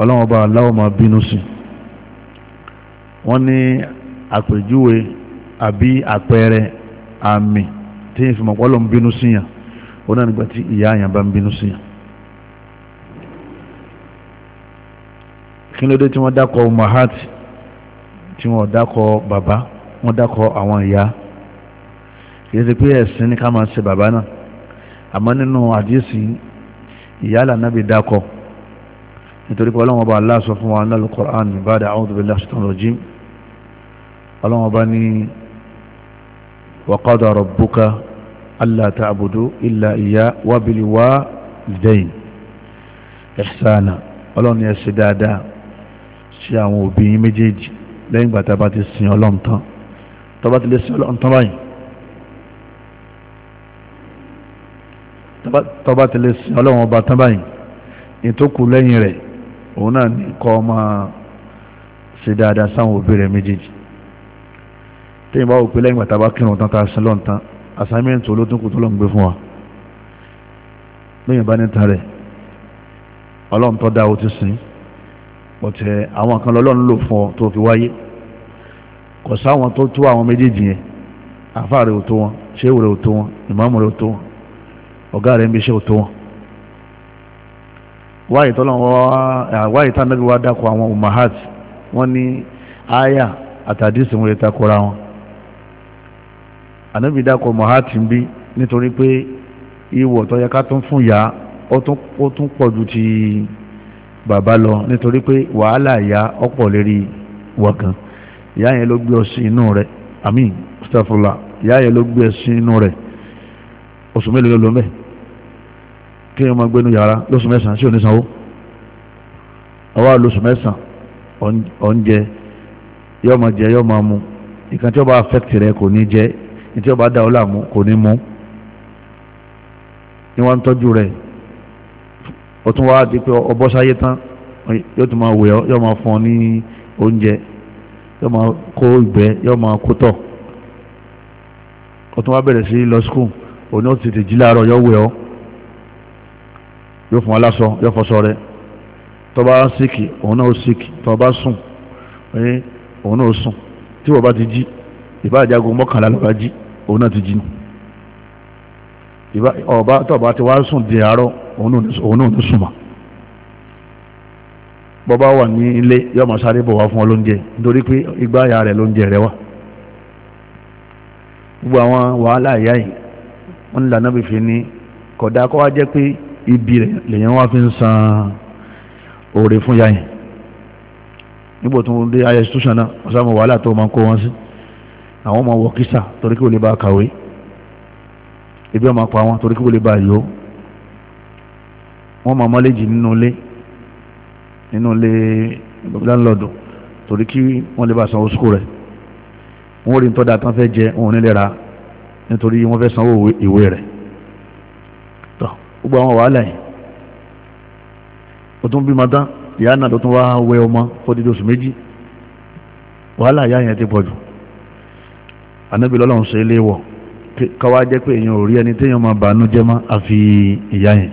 ọlọ́wọ́n bá aláwọ̀ máa bínú sí wọ́n ní àpèjúwe àbí àpẹẹrẹ àmì tí n fi mọ̀ pọ́lọ́ ń bínú sí yàn ó náà nígbà tí ìyá àyàn bá ń bínú sí yàn. kí ló dé tí wọ́n dákọ̀ mahat tí wọ́n dákọ̀ bàbá wọ́n dákọ̀ àwọn ìyá kì í ṣe pé ẹ̀sìn ní ká máa ṣe bàbá náà àmọ́ nínú àdìsí ìyá lànà bí dákọ̀ nítorí pé ọlọ́wọ́n bá Allah sọ fún wa náà Al-Qur'an ba'da a'udhu billahi shaitanir rajim ọlọ́wọ́n bá ní wa qada rabbuka alla ta'budu illa iya wa bil walidayni ihsana ọlọ́run yẹn ṣe dáadáa ṣe àwọn òbí yín méjèèjì lẹ́yìn ìgbà tá a bá ti sin ọlọ́run tán tó ti lè sin ọlọ́run tán báyìí tó ti lè sin ọlọ́run ọba tán báyìí ètò kù lẹ́yìn rẹ̀ òun náà ní kọ́ ọmọ ṣe dáadáa sáwọn òbí rẹ̀ méjèèjì téèyàn bá wò pé lẹ́yìn bàtà bá kírun tán tá a sin lọ́n tán assignment olótùnkù tó lọ́n gbé fún wa lóyìn bá ní ta rẹ̀ ọlọ́run tó dá o ti sìn ọ̀tẹ̀ eh, àwọn kan lọ́lọ́run lò fún ọ tó fi wáyé kò sáwọn tó tó àwọn méjèèjì yẹn àfáà rẹ̀ ò tó wọn ṣéwù rẹ̀ ò tó wọn ìmáàmù rẹ̀ ò tó wọn ọ̀gá rẹ̀ ń bí iṣẹ́ ò tó wọn wáyé tá nàbí wá dákọ̀ àwọn umahat wọ́n ní aya àtàdísì wọn lè takora wọn dakọ dákọ̀ umahat ń bí nítorí pé ìwọ̀ tó yẹ ká tún fún ìyá ó tún pọ̀ ju ti bàbá lọ nítorí pé wàhálà ya ọ̀pọ̀ lérí wọ̀kan ìyá yẹn ló gbé ọ sí inú rẹ̀ àmín mustapha ìyá yẹn ló gbé ọ sí inú rẹ̀ oṣù mélòó ló lọ mẹ́ẹ̀. kí wọ́n máa gbénu yàrá lóṣù mẹ́sàn-án sí onísanwó ọwọ́ lóṣù mẹ́sàn-án oúnjẹ yóò máa jẹ yóò máa mu nǹkan tí ó bá affect rẹ kò ní jẹ nǹkan tí ó bá dá ọ láàmú kò ní mu ni wọ́n ń tọ́jú rẹ̀ ó tún wáá di pé ọbọ̀ sáyé tán yóò tún máa wẹ̀ ọ́ yóò máa fún ọ ní oúnjẹ yóò máa kó ìgbẹ́ yóò máa kó tọ̀ ó tún wáá bẹ̀rẹ̀ sí lọ skul òun ó ti tètè jí láàárọ̀ yóò wẹ̀ ọ́ yóò fún aláṣọ yóò fọṣọ rẹ tọba síkì òun náà síkì tọba sùn ẹ òun náà sùn tí wọ́n bá ti jí ìbáàjágo mọ́kànlá lọ́ba jí òun náà ti jí ọba tọba ti wá sùn di àárọ̀ òun náà ní sùnmà bọ́bá wà ní ilé yóò máa sáré bọ̀ wá fún ọ lóúnjẹ nítorí pé igbá àyà rẹ̀ lóúnjẹ rẹ̀ wà gbogbo àwọn wàhálà ìyá yìí wọ́n ní lànà bìfẹ́ ní kódà kó wá jẹ́ pé ibi rẹ̀ lèyàn wá fi ń san oore fún yáyìn nígbò tó ń dé ayé institution náà wọ́n sábà wàhálà tó máa ń kó wọn sí àwọn ọmọ wọ kísà torí kí wọ́n lè bá kàwé ebi ọmọ pa wọn torí kí wọ́n lè bá yọ wọ́n máa mọ́lẹ́jì nínú ilé nínú ilé lánlọ́dù torí kí wọ́n lè bá sanwó sukù rẹ̀ wọ́n rí nítorí àtàn fẹ́ jẹ wọn ò ní lè ra nítorí wọ́n fẹ́ sanwó ìwé rẹ̀ gbogbo àwọn wàhálà yìí o tún bímọ tán ìyá náà tó tún wá wẹ ọmọ fọdídé oṣù méjì wàhálà ìyá yẹn ti pọ̀jù ànábì lọ́lọ́run ṣe lé wọ̀ káwá jẹ́ pé èèyàn ò rí ẹni téèyàn máa bàánú jẹ́ mọ́ àfi ìyá yẹn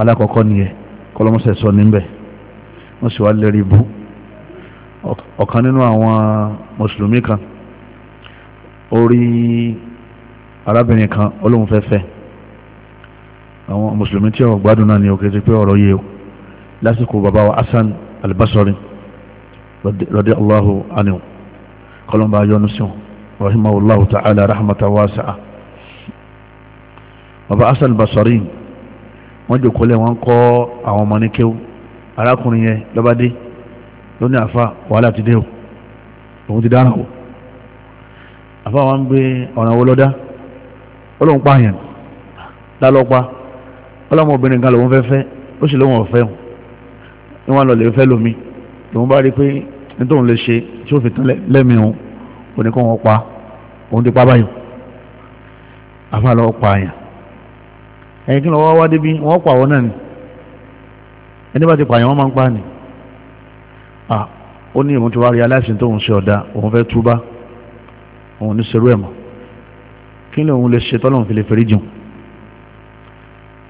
alákọ̀ọ́kọ́ nìyẹn kọ́lọ́mọṣẹ́ sọ níbẹ̀ wọ́n sì wá lẹ́rí bú ọ̀kan nínú àwọn mùsùlùmí kan ó rí arábìnrin kan olóhùn fẹ́fẹ́ àwọn mùsùlùmí tí ó gbádùn náà ni ó kéde pé ọ̀rọ̀ yìí lásìkò bàbá wa Hasan al-Basri radiyallahu anhu kọlọmba yọnu sí wọn rahimahullahu ta'ala rahmatan wasi'a bàbá Hasan al-Basri wọ́n jòkólẹ̀ wọ́n kọ́ àwọn ọmọ ní kéwú arákùnrin yẹn lọ́bádé lónìí àfa wàhálà ti dé o òun ti dára o àfa wọn gbé ọ̀nà wọlọ́dá ó lóun pààyàn lálọ́pàá ọlọ́mọbìnrin kan lòun fẹ́ fẹ́ ó sì lóun ọ̀fẹ́ hùn ní wọ́n lọ lè fẹ́ lómi lòun bá rí pé nítorí òun lè ṣe tí ó fi tán lẹ́mìí òun kò ní kó wọn pa òun ti pa báyìí àfa lọ́wọ́ pa àyàn ẹ̀yìn kí lọ́wọ́ wá débi wọ́n pa àwọn náà ni ẹni bá ti pààyàn wọ́n máa ń pa ni ó ní ìwọ̀n tí wàá rí aláìsìn tóun ṣe ọ̀dà òun fẹ́ túbá òun ní serú ẹ̀ mọ́ kí lóun lè ṣe tọ́lọ́run fi lè fẹ́rí jùn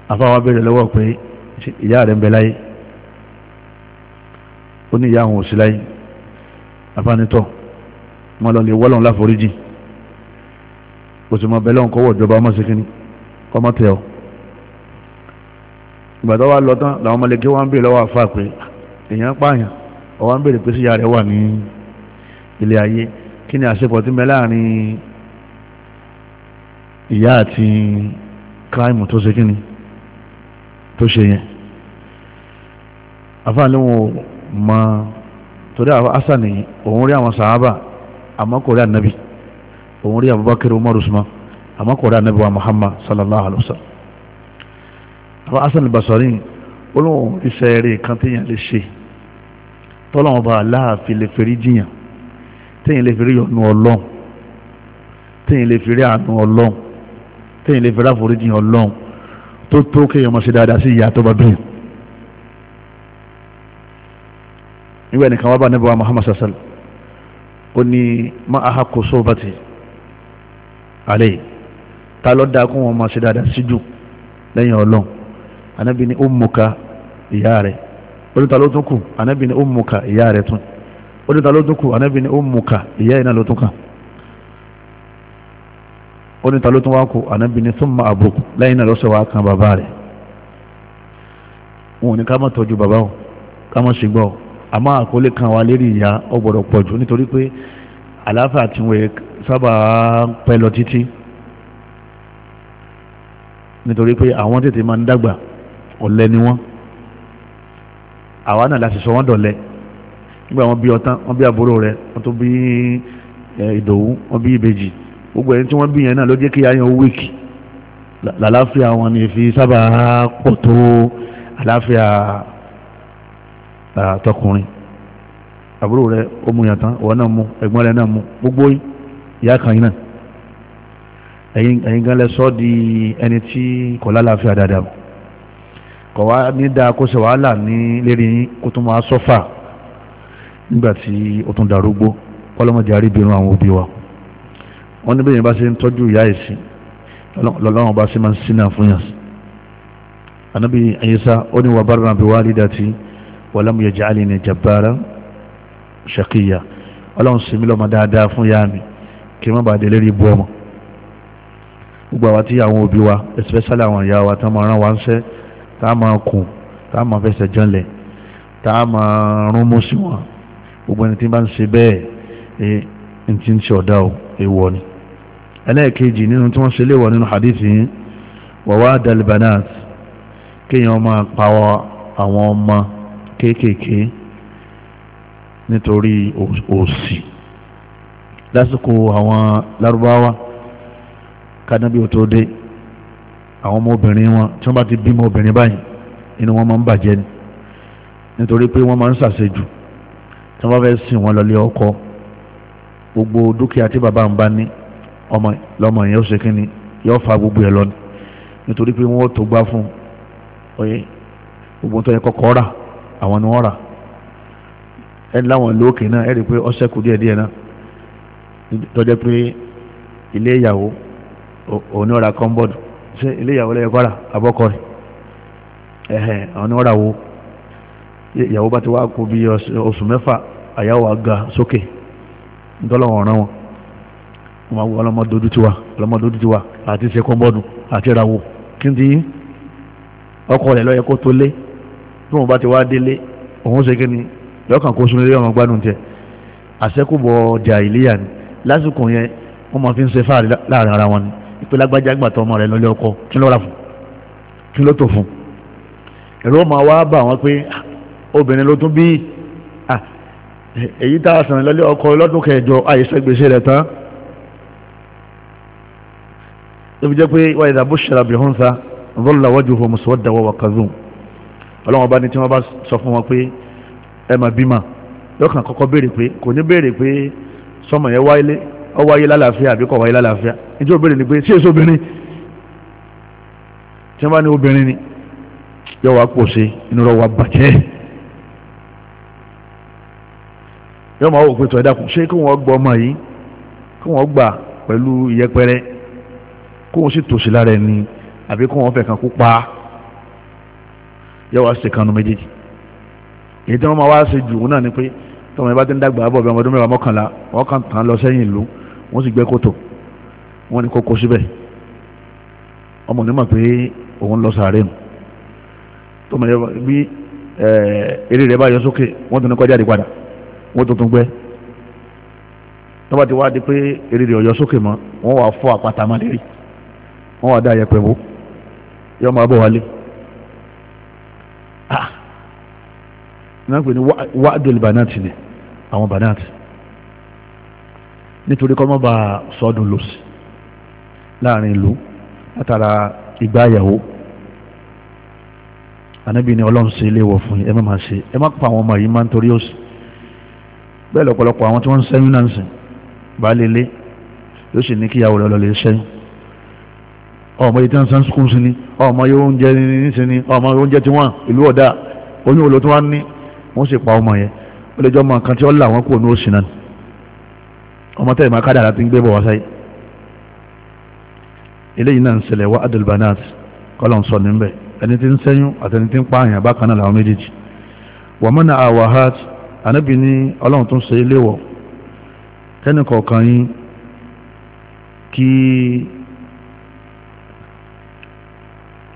afáwa bèrè lọ́wọ́ pé ìyá rẹ̀ ń bẹ láyé ó ní ìyá àwọn òsì láyé afánitọ́ mo lọ lè wọ́lọ́n láforíjì kò sì mọ bẹ́ẹ̀ lọ́n kọ́wọ́ ìjọba ọmọ síkíní ọmọ tẹ ọ ìgbà tó wá lọ tán làwọn ọmọlẹ́kẹ́ wá ń bèrè lọ́wọ́ àfa pé èèyàn pààyàn ọwọ́ ń bèrè pé síyá rẹ̀ wà ní ilé ayé kí ni àṣepọ̀ tí ń bẹ láàrin ìyá àti kíráìmù tó ṣe kí ni tó ṣe yẹn àfáàní wọn mọ torí asani òun rí àwọn sàábà àmọ́ kò rí ànábì òun rí abubakar umar usman àmọ́ kò rí ànábì wa muhammad sallallahu alaihi wa sallam àwọn asani basari olóhùn iṣẹ́ rẹ̀ kan téèyàn lè ṣe tọ́lọ́wọ́n bá aláàfin lè fẹ́rí jiyàn téèyàn lè fẹ́rí yọnu ọlọ́run téèyàn lè fẹ́rí àánú ọlọ́run téèyàn lè fẹ́rí àforíjì ọlọ́run tó tó kéèyàn mọ̀ sí dáadáa sí ìyá tó bá bí nígbà nìkan wá bá níbo wa Muhammad sassal ó ní má a hako sóbàtì alẹ́ ta ló dáa kó wọn mọ̀ sí dáadáa sí jù lẹ́yìn ọlọ́run anábì ní ummuka ìyá rẹ̀ olùta ló tún kù anábì ní ummuka ìyá rẹ̀ tún olùta ló tún kù anábì ní ummuka ìyá yìí náà ló tún kàn ó ní ta ló tún wá kú ànábì ní súnmọ́ àbùkù lẹ́yìn náà lọ́sọ̀ wá kan bàbá rẹ̀ wọn ò ní ká má tọ́jú bàbá o ká má ṣe gbọ́ o àmọ́ àkọlé kan wá lérí ìyá ó gbọ́dọ̀ pọ̀ jù nítorí pé àlàáfíà tí wọ́n sábà ń pẹ́ lọ títí nítorí pé àwọn tètè máa ń dàgbà ọ̀lẹ ni wọ́n àwa náà láti sọ wọ́n dọ̀lẹ nígbà wọn bí ọtán wọn bí àbúrò rẹ̀ wọn tó bí ìdòwú wọn bí ìbejì gbogbo ẹni tí wọ́n bí yẹn náà ló jẹ́ kí ayan wíìkì làlàáfíà wọn ni fi sábà pọ̀ tó àlàáfíà tọkùnrin àbúrò rẹ ó mú yàn tán ọ̀wọ́ náà mú ẹ̀gbọ́n rẹ náà mú gbogbo ìyá kan yìí náà ẹ̀yin gan lẹ sọ́ di ẹni tí kò lálàáfíà dáadáa kọ̀ wá ní dáa kó ṣe wàhálà ní lérí kó tó máa sọ́fà nígbà tí ó tún darúgbó kọ́lọ́mọdé àríbìnrin àwọn òbí wa wọ́n ní bẹ́ẹ̀ bá ṣe ń tọ́jú ìyá ìsì lọ́lọ́wọ́n bá ṣe máa ń sínà fún yàn anábì ayesa ó ní wà bára bí walidati wa lam yaj'alni jabbaran shaqiyya ọlọ́run sì mí lọ́mọ dáadáa fún yá mi kí má bàa délé rí bú ọmọ gbogbo àwa tí àwọn òbí wa especially àwọn ìyá wa tá máa rán wa ń sẹ́ tá máa kùn tá máa fẹsẹ̀ jọlẹ̀ tá máa rún mú sí wọn gbogbo ẹni tí bá ń ṣe bẹ́ẹ̀ ẹ ntí ń ṣe ọ̀dà o èèwọ̀ ni ẹlẹ́ẹ̀kejì nínú tí wọ́n ṣe léwọ̀ nínú hadithi wọ̀wá dalbanat kíyàn máa pawọ́ àwọn ọmọ kéékèèké nítorí òṣì lásìkò àwọn lárúbáwá kánábí ò tó dé àwọn ọmọbìnrin wọn tí wọ́n bá ti bímọ obìnrin báyìí inú wọn máa ń bàjẹ́ ni nítorí pé wọ́n máa ń ṣàṣejù tí wọ́n bá fẹ́ sìn wọn lọlé ọkọ gbogbo dúkìá tí bàbá ń bá ní ọmọ lọmọ yẹn ó ṣe ni yóò fa gbogbo ẹ lọ́nà nítorí pé wọ́n tó gbá fún ọyẹ gbogbo tó yẹ kọ́kọ́ rà àwọn ni wọ́n rà ẹni láwọn lókè náà ẹ̀rí pé ọ̀sẹ̀ kù díẹ̀ díẹ̀ náà tọ́jẹ́ pé ilé ìyàwó òun ni ṣé ilé ìyàwó kọ́ra àwọn ni wo ìyàwó bá ọlọ́mọdódú tiwa ọlọ́mọdódú tiwa àti ṣe kọ́ńbọ́ọ̀dù àti ìràwọ̀ kí n ti yín ọkọ rẹ̀ lọ́yẹ kó tó lé tí wọ́n bá ti wá délé òun ṣe kí ni lọ́kàn kó sunlé ọmọ gbádùn tiẹ̀ àṣẹ́kùbọ̀ jà ìléyà ni lásìkò yẹn wọ́n máa fi ń ṣe fáàrí láàrin ara wọn ni ìpè lágbájá gbàtọ́ ọmọ rẹ̀ lọ́lé ọkọ kí ló rà fún kí ló tò fún ẹ̀rọ máa wá bà wọ́n pé ah, obìnrin ló tún bí ah, èyí tá a sàn lọ́lé ọkọ lọ́dún kẹjọ àyè sẹ́gbèsè rẹ̀ tán tó fi jẹ́ pé wáyé ìdàbò ṣẹlẹ̀ abìhún sa zọ́lá wájú hó mùsùlùmí wọ́wọ́ kazoom ọlọ́wọ́n bá ní tí wọ́n bá sọ fún wọn pé ẹ mà bímà lọ́kàn kọ́kọ́ béèrè pé kò ní béèrè pé sọmọ yẹn wáyé ọ wáyé lálàáfíà àbí kò wáyé lálàáfíà ìjọ béèrè ni pé sí èso obìnrin tí wọ́n bá ní obìnrin ni yọ wá pò sí inú rọ wá bàjẹ́ yọ máa wò pé tọ́ ẹ̀dá kù ṣé kí wọ́n gbọ́ ọmọ yìí kí wọ́n gbà pẹ̀lú ìyẹpẹrẹ kó wọn sì tòṣì lára ẹni àbí kó wọn fẹ́ kan kú pa yẹ́wọ́ ṣe kanu méjèèjì èyí tí wọ́n máa wá ṣe jù wọn náà ni pé tọ́mọ yẹn bá ti ń dàgbà bọ̀ bí ọmọ ọdún mẹ́wàá mọ́kànlá wọ́n kàn tán lọ sẹ́yìn ìlú wọ́n sì gbé kòtò wọ́n ní kókó síbẹ̀ ọmọ onímọ̀ pé òun lọ sàárè mu tọ́mọ yẹn bí eré rẹ̀ bá yọ sókè wọ́n tún ní kọjá di padà wọ́n tuntun gbẹ́ tọ́ba ti wá di pé eré rẹ̀ yọ sókè mọ́ wọ́n wà fọ́ àpáta má lérí wọ́n wà dá ayẹpẹ̀ bó yọ máa bọ̀ wálé ah náà pè ní wàdùn banati ni àwọn banati nítorí kọ́mọ́ bá sọ́dún lòsì láàrin ìlú látara ìgbáyàwó ànábì ni ọlọ́run ṣe ilé wọ̀ fún yín ẹ má máa ṣe ẹ má pa àwọn ọmọ yìí máa ń torí òsì bẹ́ẹ̀ lọ́pọ̀lọpọ̀ àwọn tí wọ́n ń sẹ́yìn náà ń sìn baálé ilé yóò sì ní kíyàwó lọ́lọ́ sẹ́yìn ọmọ yìí tí wọ́n san skul sí ọmọ yìí oúnjẹ ní ni ọmọ yìí oúnjẹ tí wọ́n ìlú ọ̀dà oyún olóòtú wa ní wọ́n sì pa ọmọ yẹn ó lè jọ ọmọ kan tí ó là wọ́n ní ọmọ tẹ́lẹ̀ máa kádàrà ti gbé bọ̀ wá sáyé eléyìí náà ń ṣẹlẹ̀ wá sọ ẹni tí ń àti ẹni tí ń bákan náà làwọn méjèèjì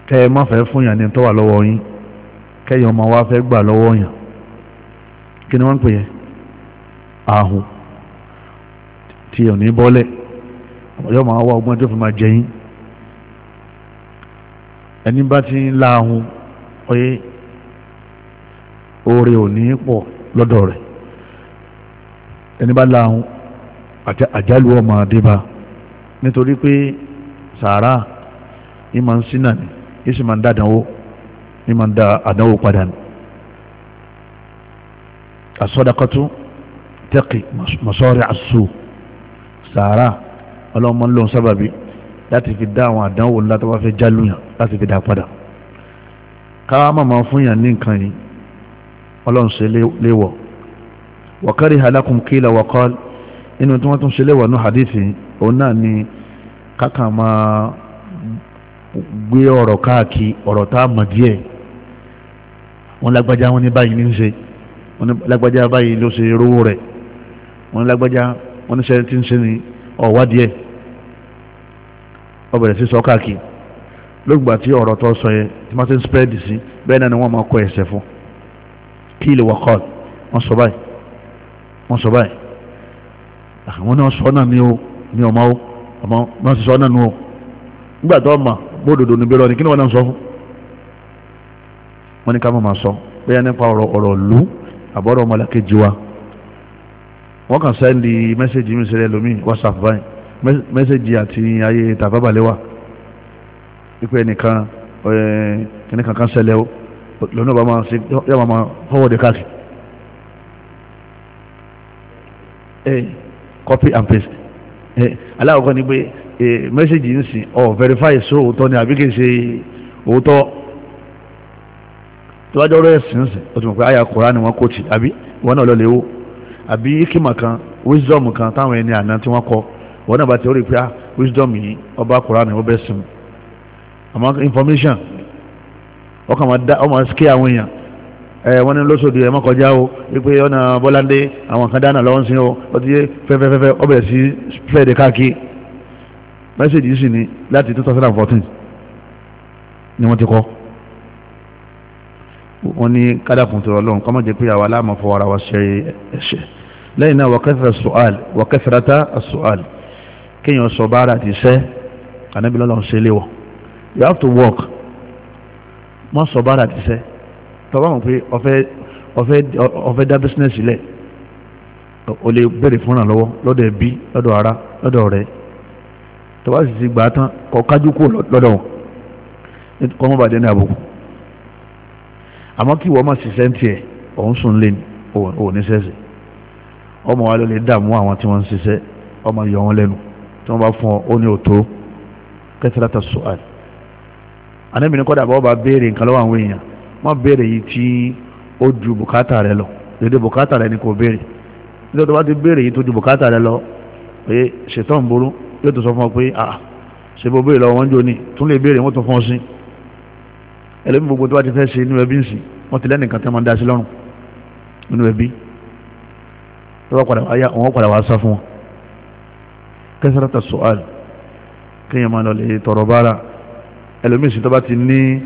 kẹ́ ẹ má fẹ́ fún yàn ní tó wà lọ́wọ́ yín kẹ́yìn ọmọ wa fẹ́ gbà lọ́wọ́ yàn kí ni wọ́n ń pè yẹn ahùn tí ò ní bọ́lẹ̀ yóò máa wá ọgbọ́n tó fi máa jẹ yín ẹni bá ti ń la ahùn ọyẹ oore ò ní pọ̀ lọ́dọ̀ rẹ̀ ẹni bá la ahùn àti àjálù ọmọ adébá nítorí pé sàárà ìmọ̀ ń sínà ni yìí sì máa ń dá àdánwò yìí máa ń dá àdánwò padà ní. àsọdakọ́tún tẹ́kì mọ̀sọ́rẹ́ àṣù sàárà ọlọ́mọ ń lò ń sábàbí láti fi dá àwọn àdánwò ńlá tó bá fẹ́ jálùyàn láti fi dá padà. káwá máa fún yàn ní nǹkan yìí ọlọ́run ṣe léwọ̀ wọ̀kárí alákùn kílà wọ̀kọ́ inú tí wọ́n tún ṣe léwọ̀ ní hadithi òun náà ni kákà gbé ọ̀rọ̀ káàkiri ọ̀rọ̀ tá a mọ̀ díẹ̀ wọ́n lágbájá wọn ní báyìí ní ń ṣe wọn ní lágbájá báyìí ló ṣe rówó rẹ̀ wọ́n ní lágbájá wọ́n ní sẹ́yìn tí ń ṣe ní ọ̀wá díẹ̀ sí sọ káàkiri lóògbà tí ọ̀rọ̀ tó sọ tí wọ́n ti ń spread sí bẹ́ẹ̀ náà ni wọ́n máa kọ ẹ̀sẹ̀ fún kí ilé sọ báyìí sọ báyìí ni ọmọ ọmọ sọ bódodo níbi rọ ni kí ni wọ́n náà sọ fún wọ́n ní ká má máa sọ bóyá nípa ọ̀rọ̀ ọ̀rọ̀ lù àbọ̀rọ̀ ọmọlàkejì wa wọ́n kàn sẹ́ndì mẹ́sẹ̀gì mi sílẹ̀ lómi whatsapp báyìí mẹ́sẹ̀gì àti ayé tàbábalẹ̀ wà ipò ẹnìkan ẹnìkan kan ṣẹlẹ̀ o lọ́nà bá máa ṣe yá máa máa de káàkiri ẹ copy and paste ẹ aláwọ̀ kan ní pé mẹ́sẹ̀gì ń sìn ọ̀ verify sí òótọ́ ni àbí kì í ṣe òótọ́ tó wájú ọ̀rọ̀ ẹ̀sìn sìn ó ti mọ̀ pé àyà kóra ni wọ́n kó tì àbí wọn náà lọ́ọ́ léwó àbí ikima kan wisdom kan táwọn ẹni àná tí wọ́n kọ wọn náà bá ti rí i pé ah wisdom yìí ọba kóra ni wọ́n bẹ́ sìn àmọ́ information ọkàn máa dá ọmọ ski àwọn èèyàn ẹ wọ́n ní lọ́sọ̀dì ẹ̀ mọ́kànjá o wípé ọ̀nà bọ́láńdé àwọn kan dáná lọ́wọ́ sí o ó ti ọbẹ̀ sí fẹ́ẹ̀dẹ̀ káàkiri mẹ́sẹ̀jì yìí sì ni láti two thousand and fourteen ni wọ́n ti kọ́ wọ́n ní kádàkùn tó rọlọ́run kọ́mọ̀ jẹ́ pé àwa aláàmọ̀ fọ ara wa ṣe ẹ̀ṣẹ̀ lẹ́yìn náà wàkẹ́fẹ̀rẹ̀ sọ́àl wàkẹ́fẹ̀rẹ̀ta sọ́àl kéèyàn sọ bára àti iṣẹ́ ànábìlọ́lọ́run ṣe léwọ̀ you have to work mọ́ sọ bára àti iṣẹ́ tọ́ bá wọn pé ọ̀fẹ́ ọ̀fẹ́ ọ̀fẹ́ dá bísínẹ́sì lẹ̀ o lè bẹ̀rẹ̀ fúnra lọ́wọ́ lọ́dọ̀ ẹbí lọ́dọ̀ ara lọ́dọ̀ ọ̀rẹ́ tó bá sì ti gbà tán kọ kájú kó lọ́dọ̀ wọn kọ́ mọ́ bàdé ní àbùkù àmọ́ kí wọ́n má ṣiṣẹ́ ń tiẹ̀ òun sùn lé ní òun ní sẹ́sẹ̀ ọmọ wa ló lè dààmú àwọn tí wọ́n ń ṣiṣẹ́ ọmọ yọ wọn lẹ́nu tí wọ́n bá fún ọ ó ní òtó kẹsìlátà sọ́ọ̀lì anábìnrin kọ́dà bá ọba béèrè nǹkan lọ́wọ́ àwọn èèyàn wọ́n béèrè yìí tí ó ju bùkátà rẹ lọ dédé bùkátà rẹ ni kò béèrè nítorí wọ́n ti béèrè yìí tó ju bùkátà rẹ lọ pé ṣètò ń burú yóò tó sọ fún ọ pé ah ṣe bó béèrè lọ wọn jò ní tún lè béèrè wọn tó fún ọ sí ẹlẹ́mi gbogbo tó bá ti fẹ́ ṣe inú ẹbí ń sìn wọ́n ti lẹ́nìkan tẹ́ máa ń da sí lọ́rùn inú ẹbí tó bá padà wáyà wọ́n padà wá sá fún wọn kẹsàrà tà sọ́ọ̀lì kéèyàn máa lọ lè tọrọ bára ẹlòmíì sì tó bá ti ní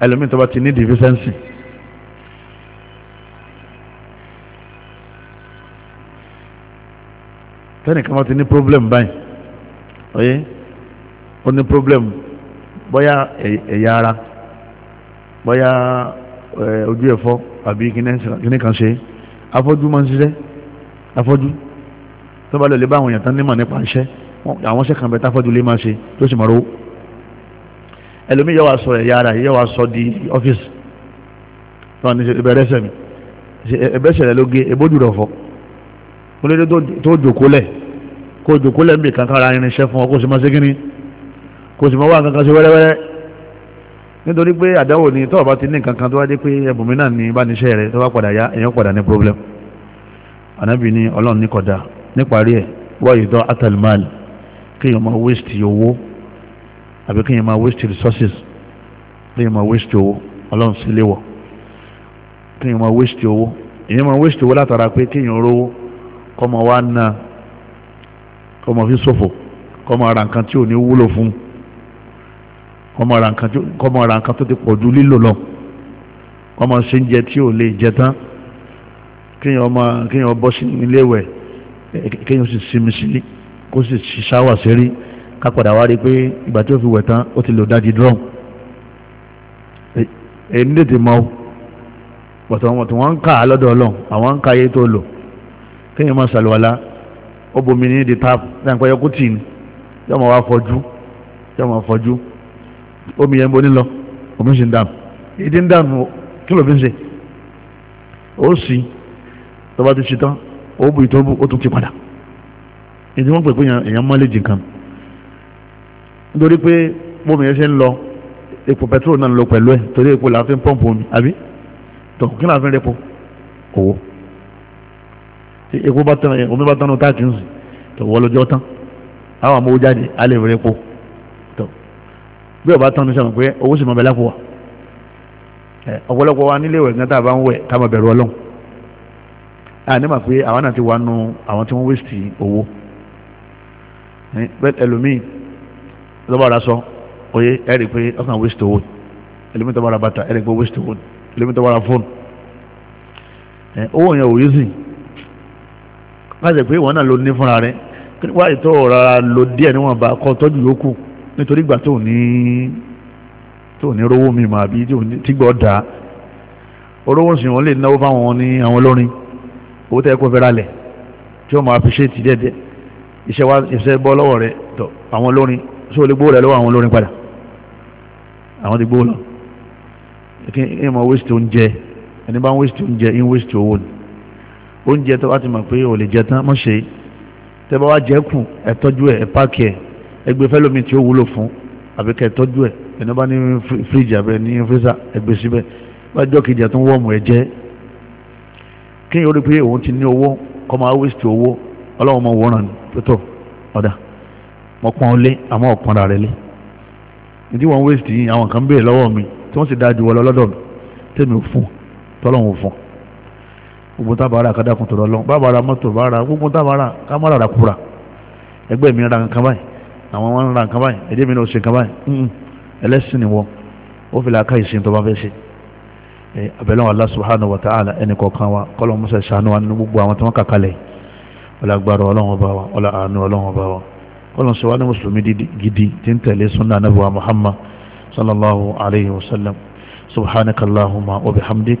ẹlòmíì tó bá ti ní deficiency tẹ́nìkan bá ti ní problem báyìí oye ó ní problem bóyá ẹ̀yà ara bóyá ojú ẹ̀fọ́ àbí kíní kan ṣe afọ́jú máa ń ṣiṣẹ́ afọ́jú tó bá lọ lè bá àwọn èèyàn tán nímọ̀ nípa iṣẹ́ àwọn iṣẹ́ kan bẹ táfọ́jú lè máa ṣe tó sì máa rówó ẹlòmíì yóò wá sọ ẹ̀yà ara yóò wá sọ di ọ́fíìsì tọ́ni ìbẹ̀rẹ̀ sẹ̀mí mi, rẹ̀ ló gé ebójú rẹ̀ fọ́ olóde tó jòkó lẹ̀ kó jòkó lẹ́m̀bì kankan ra irinṣẹ́ fún ọ kó sì máa ṣe kíní kó sì máa wá kankan ṣe wẹ́rẹ́wẹ́rẹ́ nítorí pé àdáwò ni tọ́wọ́ bá ti ní kankan tó wá dé pé ẹbùnmí náà ní ìbániṣẹ́ rẹ tó bá padà yá èèyàn padà ní problem ọlọ́run ní níparí ẹ̀ wáyé atalmal waste owó àbí máa waste resources máa kọ́ máa fi ṣòfò kọ́ máa ra nǹkan tí ò ní wúlò fún kọ́ máa ra nǹkan tó ti pọ̀ ju lílò lọ kọ́ máa ṣe ń jẹ tí ò lè jẹ tán kéèyàn ọmọ kéèyàn bọ́ sí ilé ìwẹ̀ kéèyàn sì sinmi sílé kó sì ṣáwà sérí ká wá rí i pé ìgbà tí ó fi wẹ̀ tán ó ti lò dájú drum èyí ní tètè mọ́ pọ̀tọ̀ wọn tí wọ́n ń kà á lọ́dọ̀ ọlọ́run àwọn ń ka ayé tó lò kéèyàn máa ṣàlùwàlá ó bomi di tap náà pẹ́ yọkú tì ní yọ máa wá fọjú yọ máa fọjú omi yẹn ń bo nílọ omi sì ń dànù ìdí ń dànù kí ló fi ń ṣe ó sì tó bá ti ṣe tán ó bu ìtọ́bù ó tún ti padà ìdí wọn pè pé èèyàn mọ́lẹ̀ jì kan nítorí pé bómi yẹn ṣe ń lọ epo pẹtrol náà ń lọ pẹ̀lú ẹ̀ torí epo làá fi ń pọ́ǹpù omi àbí tọ̀kùnkìn làá fi ń rẹ́pọ̀ owó epo bá tán omi bá tán nù táàkì ń sìn tó wọ́n lọ́jọ́ tán àwọn àmọ́ jáde alẹ́ rẹ̀ po tó bí ọba tán ní sọ̀rọ̀ pé owó sì máa bẹ lápò wa ọ̀pọ̀lọpọ̀ wa nílé ìwẹ̀ gan tá a bá ń wẹ̀ ká máa bẹ̀rù ọlọ́run àní mà pé àwọn náà wà nù àwọn tí wọ́n wéṣìtì owó bẹ́ẹ̀ ẹlòmíì lọ́ba ara sọ oye ẹ̀rì pé ọkàn wéṣìtì owó ẹlòmíì tọ́ba ara bàtà ẹ̀rì pé wéṣìtì owó ẹlòmíì tọ́ba ara fóònù owó yẹn ò yí sìn láti pé ìwọ náà ló ní fúnra rẹ wá ètò ọ̀rọ̀ lo díẹ̀ níwọ̀n bá kọ́ tọ́jú yòókù nítorí ìgbà tó ní tó ní rówó mi mà bí tí gbọ́ da orówó sì wọ́n lè náwó fáwọn ní àwọn olórin owó tẹ́ kó fẹ́ra lẹ̀ tí wọ́n máa fi ṣe ti dẹ́dẹ́ iṣẹ́ wa iṣẹ́ bọ́ lọ́wọ́ rẹ tọ̀ àwọn olórin sí o gbówó rẹ lọ́wọ́ àwọn olórin padà àwọn ti gbówó lọ kí n mọ waste oúnjẹ ẹni bá ń waste oúnjẹ ń waste owó ni oúnjẹ tó bá ti mọ̀ pé ò lè jẹ tán mọ̀ ṣe tẹ́ bá wá jẹ́ kù ẹ̀ tọ́jú ẹ̀ ẹ̀ páàkì ẹ̀ ẹ gbé fẹ́lómi tí ó wúlò fún àbí kẹ́ ẹ̀ tọ́jú ẹ̀ ẹni bá ní fíríjì àbẹ ní fírísà ẹ gbé síbẹ̀ bájọ́ kejì ẹ̀ wọ́ọ̀mù ẹ̀ jẹ́ kí ni ó rí pé òun ti ní owó kọ́ máa wíṣítì owó ọlọ́run mọ̀ wọ́n ràn tó ọ̀dà mọ̀ pọ́n lé àmọ́ ọ̀pọ̀n rẹ̀ lé ìdí wọn wíṣítì yìí àwọn kan béèrè lọ́wọ́ mi tí wọ́n sì dájú wọlé ọlọ́dọ̀ mi tẹ́mi ò fún tọ́lọ́run ò fún gbogbo tábàárà kádàkùn tó lọ́lọ́ bábàárà mọ́tò bára gbogbo tábàárà kámọ́rà rà kúra ẹgbẹ́ mi ra nǹkan báyìí àwọn wọn ra nǹkan báyìí ẹdí mi náà ṣe nǹkan báyìí ẹlẹ́sìn ni wọ́n ó fi làákà ìsìn tó bá fẹ́ ṣe abẹ́lẹ́wọ̀n Allah subhanahu wa ta'ala ẹnì kọ̀ọ̀kan wa kọ́lọ́ musa ṣàánú wa nínú gbogbo àwọn tí wọ́n kàkalẹ̀ ọlọ́gbàrọ̀ ọlọ́wọ́n bá wa ọlọ́ àánú ọlọ́wọ́n bá wa kọ́lọ́ sọ wá ní mùsùlùmí gidi tí ń tẹ̀lé sunna anabi muhammad sallallahu alayhi wa sallam subhanakallahumma wa bihamdik